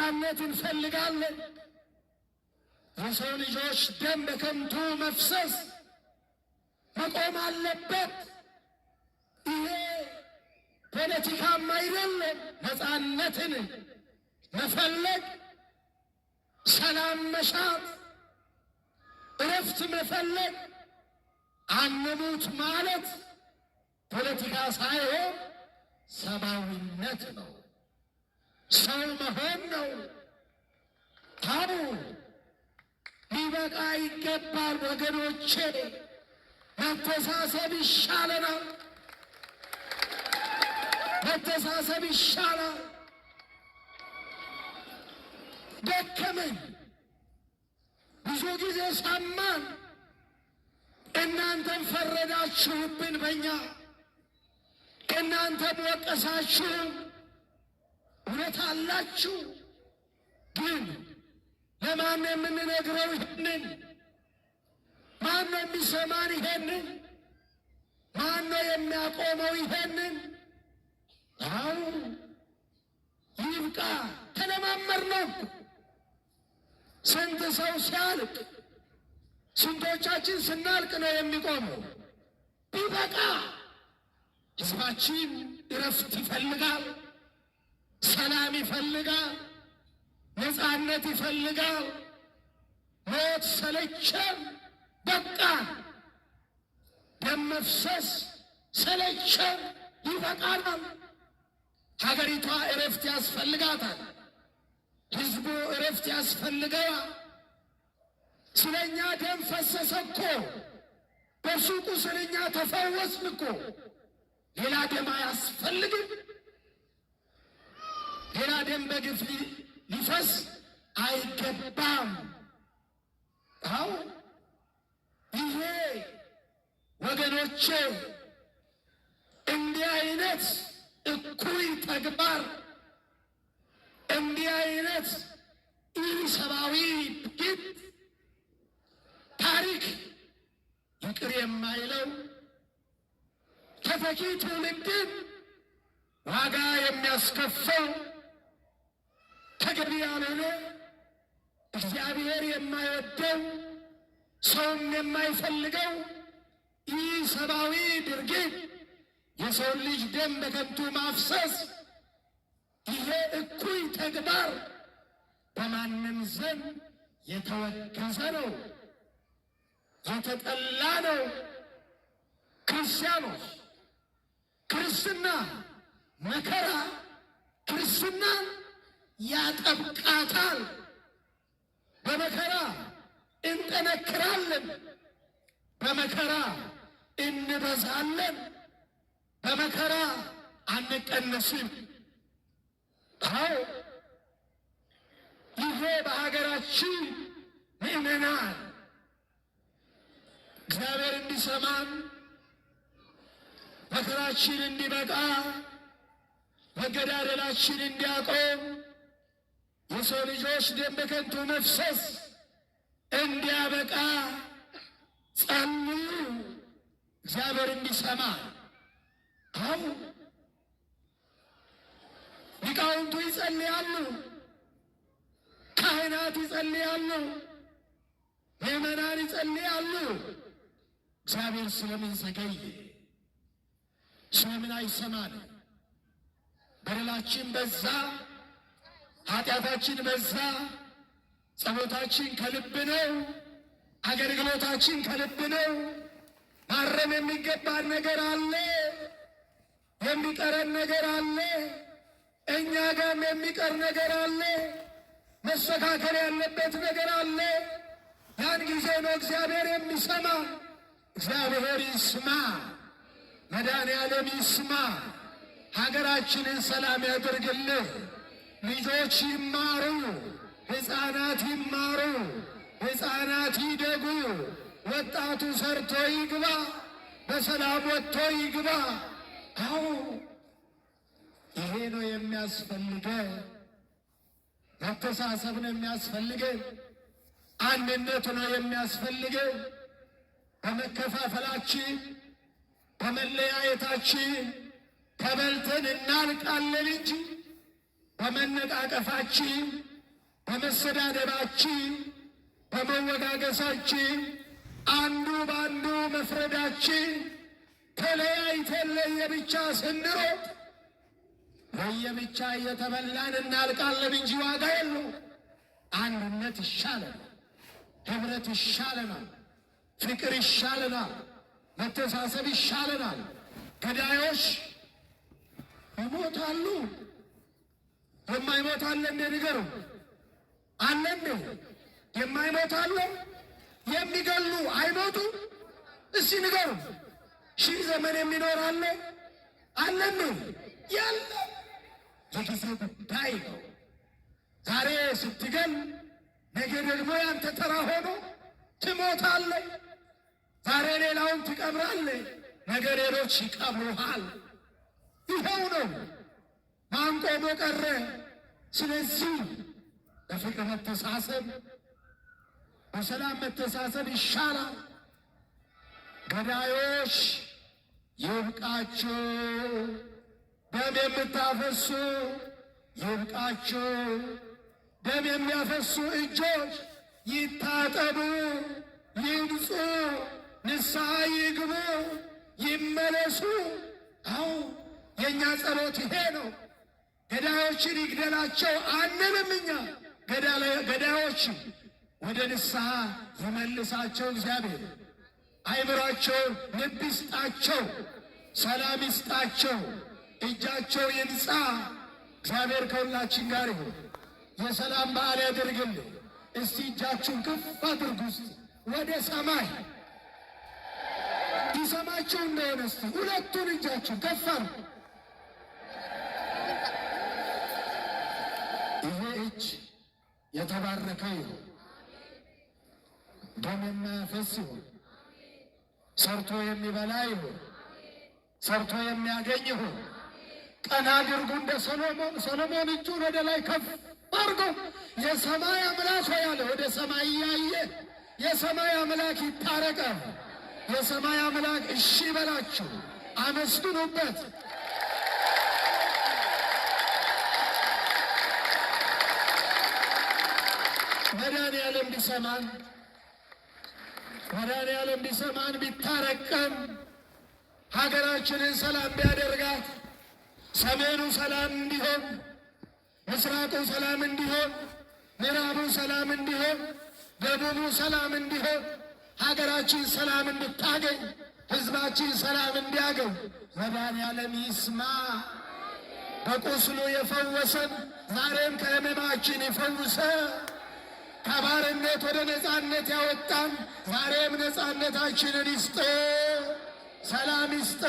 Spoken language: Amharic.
ነፃነት እንፈልጋለን። የሰው ልጆች ደም በከንቱ መፍሰስ መቆም አለበት። ይሄ ፖለቲካም አይደለም። ነፃነትን መፈለግ፣ ሰላም መሻት፣ እረፍት መፈለግ፣ አንሙት ማለት ፖለቲካ ሳይሆን ሰብአዊነት ነው። ሰው መሆን ነው ታቡ ሊበቃ ይገባል ወገኖቼ፣ መተሳሰብ ይሻለናል። መተሳሰብ ይሻላል። ደከመን ብዙ ጊዜ ሰማን። እናንተም ፈረዳችሁብን በእኛ እናንተም ወቀሳችሁን እውቀት አላችሁ፣ ግን ለማን የምንነግረው ይሄንን? ማን ነው የሚሰማን ይሄንን? ማን ነው የሚያቆመው ይሄንን? አው ይብቃ። ተለማመር ነው። ስንት ሰው ሲያልቅ ስንቶቻችን ስናልቅ ነው የሚቆመው? ይበቃ። ህዝባችን እረፍት ይፈልጋል። ሰላም ይፈልጋል፣ ነፃነት ይፈልጋል። ሞት ሰለቸን፣ በቃ ደም መፍሰስ ሰለቸን፣ ይበቃናል። ሀገሪቷ እረፍት ያስፈልጋታል። ህዝቡ እረፍት ያስፈልገዋል። ስለኛ ደም ፈሰሰ እኮ በሱቁ ስለኛ ተፈወስን እኮ ሌላ ደም አያስፈልግም። ሌላ ደም በግፍ ሊፈስ አይገባም። አው ይሄ ወገኖቼ እንዲህ አይነት እኩይ ተግባር እንዲህ አይነት ኢሰብአዊ ድርጊት ታሪክ ይቅር የማይለው ተተኪ ትውልድን ዋጋ የሚያስከፈው ተገቢ ያልሆነ እግዚአብሔር የማይወደው ሰውም የማይፈልገው ይህ ሰብአዊ ድርጊት የሰው ልጅ ደም በከንቱ ማፍሰስ ይሄ እኩይ ተግባር በማንም ዘንድ የተወገዘ ነው፣ የተጠላ ነው። ክርስቲያኖች ክርስትና መከራ ክርስትናን ያጠብቃታል። በመከራ እንጠነክራለን፣ በመከራ እንበዛለን፣ በመከራ አንቀነስም። አዎ ይሄ በሀገራችን ምእመናን እግዚአብሔር እንዲሰማን መከራችን እንዲበቃ መገዳደላችን እንዲያቆም የሰው ልጆች ደም በከንቱ መፍሰስ እንዲያበቃ ጸልዩ፣ እግዚአብሔር እንዲሰማ። አሁ ሊቃውንቱ ይጸልያሉ፣ ካህናት ይጸልያሉ፣ ምዕመናን ይጸልያሉ። እግዚአብሔር ስለምን ዘገየ? ስለምን አይሰማል? በደላችን በዛ ኃጢአታችን በዛ፣ ጸሎታችን ከልብ ነው፣ አገልግሎታችን ከልብ ነው። ማረም የሚገባን ነገር አለ፣ የሚቀረን ነገር አለ፣ እኛ ጋም የሚቀር ነገር አለ፣ መስተካከል ያለበት ነገር አለ። ያን ጊዜ ነው እግዚአብሔር የሚሰማ። እግዚአብሔር ይስማ፣ መድኃኔ ዓለም ይስማ፣ ሀገራችንን ሰላም ያደርግልህ። ልጆች ይማሩ፣ ሕፃናት ይማሩ፣ ሕፃናት ይደጉ፣ ወጣቱ ሰርቶ ይግባ፣ በሰላም ወጥቶ ይግባ። አዎ ይሄ ነው የሚያስፈልገ። መተሳሰብ ነው የሚያስፈልገ። አንድነት ነው የሚያስፈልገ። በመከፋፈላችን በመለያየታችን ተበልተን እናልቃለን እንጂ በመነቃቀፋችን፣ በመሰዳደባችን፣ በመወጋገሳችን፣ አንዱ በአንዱ መፍረዳችን ተለያይተን ለየብቻ ስንሮጥ ለየብቻ እየተበላን እናልቃለን እንጂ ዋጋ የለ። አንድነት ይሻለናል፣ ህብረት ይሻለናል፣ ፍቅር ይሻለናል፣ መተሳሰብ ይሻለናል። ገዳዮች ይሞታሉ። የማይሞት አለ እንዴ? ንገሩ አለ እንዴ? የማይሞት አለ? የሚገሉ አይሞቱ? እስቲ ንገሩ። ሺህ ዘመን የሚኖር አለ አለ እንዴ? ያለ የጊዜ ጉዳይ ነው። ዛሬ ስትገል ነገ ደግሞ ያንተ ተራ ሆኖ ትሞታለ። ዛሬ ሌላውን ትቀብራለ፣ ነገ ሌሎች ይቀብሩሃል። ይኸው ነው። ታንቆ በቀረ። ስለዚህ በፍቅር መተሳሰብ፣ በሰላም መተሳሰብ ይሻላል። ገዳዮች ይብቃችሁ፣ ደም የምታፈሱ ይብቃችሁ፣ ደም የሚያፈሱ እጆች ይታጠቡ፣ ይንጹ፣ ንስሐ ይግቡ፣ ይመለሱ። አሁን የእኛ ጸሎት ይሄ ነው። ገዳዮችን ይግደላቸው አንልም። እኛ ገዳዮች ወደ ንስሐ ይመልሳቸው እግዚአብሔር። አይምሯቸው ልብ ይስጣቸው፣ ሰላም ይስጣቸው፣ እጃቸው ይንጻ። እግዚአብሔር ከሁላችን ጋር ይሁን። የሰላም በዓል ያደርግል። እስቲ እጃችሁን ከፍ አድርጉ ወደ ሰማይ ይሰማችሁ እንደሆነ እስቲ ሁለቱን እጃችሁን ከፍ አድርጉ እጅ የተባረከ ይሁን፣ ደም የማያፈስ ይሁን፣ ሰርቶ የሚበላ ይሁን፣ ሰርቶ የሚያገኝ ይሁን። ቀና አድርጉ እንደ ሰሎሞን። ሰሎሞን እጁን ወደ ላይ ከፍ አድርጎ የሰማይ አምላክ ያለ ወደ ሰማይ እያየ የሰማይ አምላክ ይታረቀ የሰማይ አምላክ እሺ በላችሁ፣ አመስግኑበት። መድኃኒዓለም ቢሰማን መድኃኒዓለም ቢሰማን ቢታረቀን ሀገራችንን ሰላም ቢያደርጋት ሰሜኑ ሰላም እንዲሆን፣ ምስራቁ ሰላም እንዲሆን፣ ምዕራቡ ሰላም እንዲሆን፣ ደቡቡ ሰላም እንዲሆን፣ ሀገራችን ሰላም እንድታገኝ፣ ህዝባችን ሰላም እንዲያገኝ ያለም ይስማ። በቁስሉ የፈወሰን ዛሬም ከህመማችን ይፈውሰ ከባርነት ወደ ነፃነት ያወጣን ዛሬም ነፃነታችንን ይስጠ፣ ሰላም ይስጠ።